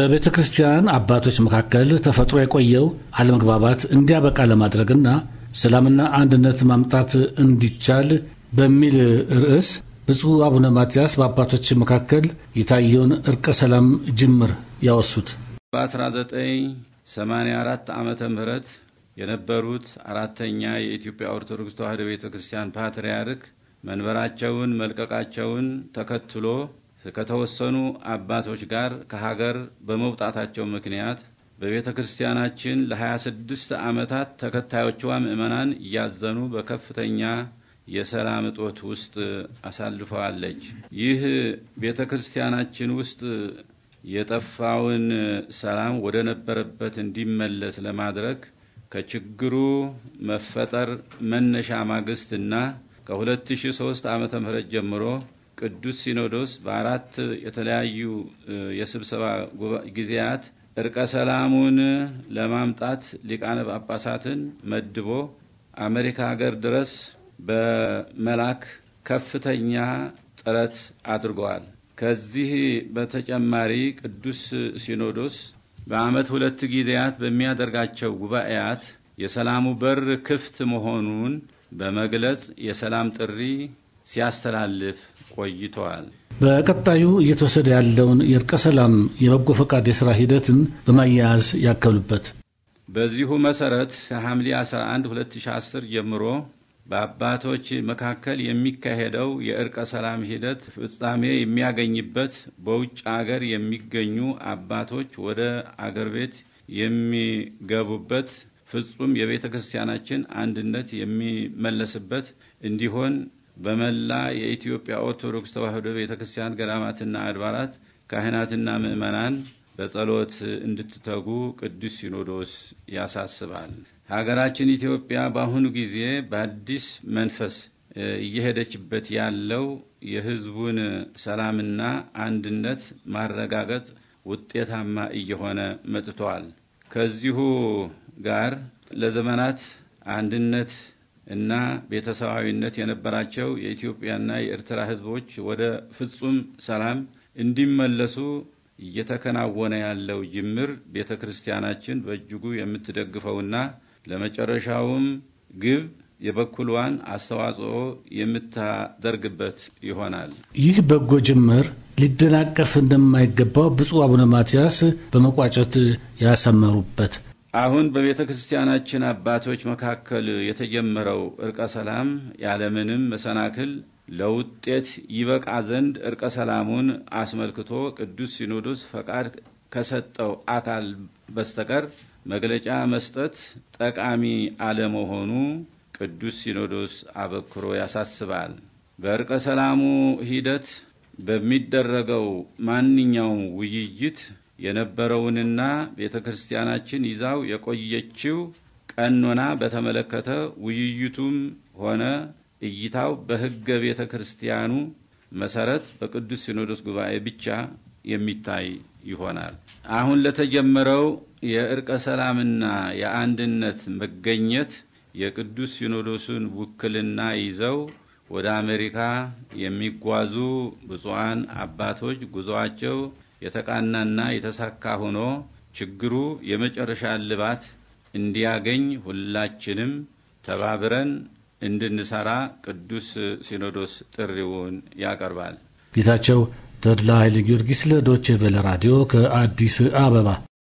በቤተ ክርስቲያን አባቶች መካከል ተፈጥሮ የቆየው አለመግባባት እንዲያበቃ ለማድረግና ሰላምና አንድነት ማምጣት እንዲቻል በሚል ርዕስ ብፁዕ አቡነ ማትያስ በአባቶች መካከል የታየውን እርቀ ሰላም ጅምር ያወሱት በ1984 ዓመተ ምህረት የነበሩት አራተኛ የኢትዮጵያ ኦርቶዶክስ ተዋሕዶ ቤተ ክርስቲያን ፓትርያርክ መንበራቸውን መልቀቃቸውን ተከትሎ ከተወሰኑ አባቶች ጋር ከሀገር በመውጣታቸው ምክንያት በቤተ ክርስቲያናችን ለ26 ዓመታት ተከታዮቿ ምእመናን እያዘኑ በከፍተኛ የሰላም እጦት ውስጥ አሳልፈዋለች። ይህ ቤተ ክርስቲያናችን ውስጥ የጠፋውን ሰላም ወደ ነበረበት እንዲመለስ ለማድረግ ከችግሩ መፈጠር መነሻ ማግስትና ከ2003 ዓ ምህረት ጀምሮ ቅዱስ ሲኖዶስ በአራት የተለያዩ የስብሰባ ጊዜያት እርቀ ሰላሙን ለማምጣት ሊቃነ ጳጳሳትን መድቦ አሜሪካ ሀገር ድረስ በመላክ ከፍተኛ ጥረት አድርገዋል። ከዚህ በተጨማሪ ቅዱስ ሲኖዶስ በዓመት ሁለት ጊዜያት በሚያደርጋቸው ጉባኤያት የሰላሙ በር ክፍት መሆኑን በመግለጽ የሰላም ጥሪ ሲያስተላልፍ ቆይተዋል። በቀጣዩ እየተወሰደ ያለውን የእርቀ ሰላም የበጎ ፈቃድ የሥራ ሂደትን በማያያዝ ያከሉበት። በዚሁ መሠረት ሐምሌ 11 2010 ጀምሮ በአባቶች መካከል የሚካሄደው የእርቀ ሰላም ሂደት ፍጻሜ የሚያገኝበት በውጭ አገር የሚገኙ አባቶች ወደ አገር ቤት የሚገቡበት ፍጹም የቤተ ክርስቲያናችን አንድነት የሚመለስበት እንዲሆን በመላ የኢትዮጵያ ኦርቶዶክስ ተዋህዶ ቤተ ክርስቲያን ገዳማትና አድባራት ካህናትና ምዕመናን በጸሎት እንድትተጉ ቅዱስ ሲኖዶስ ያሳስባል። ሀገራችን ኢትዮጵያ በአሁኑ ጊዜ በአዲስ መንፈስ እየሄደችበት ያለው የሕዝቡን ሰላምና አንድነት ማረጋገጥ ውጤታማ እየሆነ መጥቷል። ከዚሁ ጋር ለዘመናት አንድነት እና ቤተሰባዊነት የነበራቸው የኢትዮጵያና የኤርትራ ህዝቦች ወደ ፍጹም ሰላም እንዲመለሱ እየተከናወነ ያለው ጅምር ቤተ ክርስቲያናችን በእጅጉ የምትደግፈውና ለመጨረሻውም ግብ የበኩሏን አስተዋጽኦ የምታደርግበት ይሆናል። ይህ በጎ ጅምር ሊደናቀፍ እንደማይገባው ብፁዕ አቡነ ማትያስ በመቋጨት ያሰመሩበት አሁን በቤተ ክርስቲያናችን አባቶች መካከል የተጀመረው እርቀ ሰላም ያለምንም መሰናክል ለውጤት ይበቃ ዘንድ እርቀ ሰላሙን አስመልክቶ ቅዱስ ሲኖዶስ ፈቃድ ከሰጠው አካል በስተቀር መግለጫ መስጠት ጠቃሚ አለመሆኑ ቅዱስ ሲኖዶስ አበክሮ ያሳስባል። በእርቀ ሰላሙ ሂደት በሚደረገው ማንኛውም ውይይት የነበረውንና ቤተ ክርስቲያናችን ይዛው የቆየችው ቀኖና በተመለከተ ውይይቱም ሆነ እይታው በሕገ ቤተ ክርስቲያኑ መሰረት በቅዱስ ሲኖዶስ ጉባኤ ብቻ የሚታይ ይሆናል። አሁን ለተጀመረው የእርቀ ሰላምና የአንድነት መገኘት የቅዱስ ሲኖዶሱን ውክልና ይዘው ወደ አሜሪካ የሚጓዙ ብፁዓን አባቶች ጉዞአቸው የተቃናና የተሳካ ሆኖ ችግሩ የመጨረሻ እልባት እንዲያገኝ ሁላችንም ተባብረን እንድንሰራ ቅዱስ ሲኖዶስ ጥሪውን ያቀርባል። ጌታቸው ተድላ ኃይለ ጊዮርጊስ ለዶቼ ቬለ ራዲዮ ከአዲስ አበባ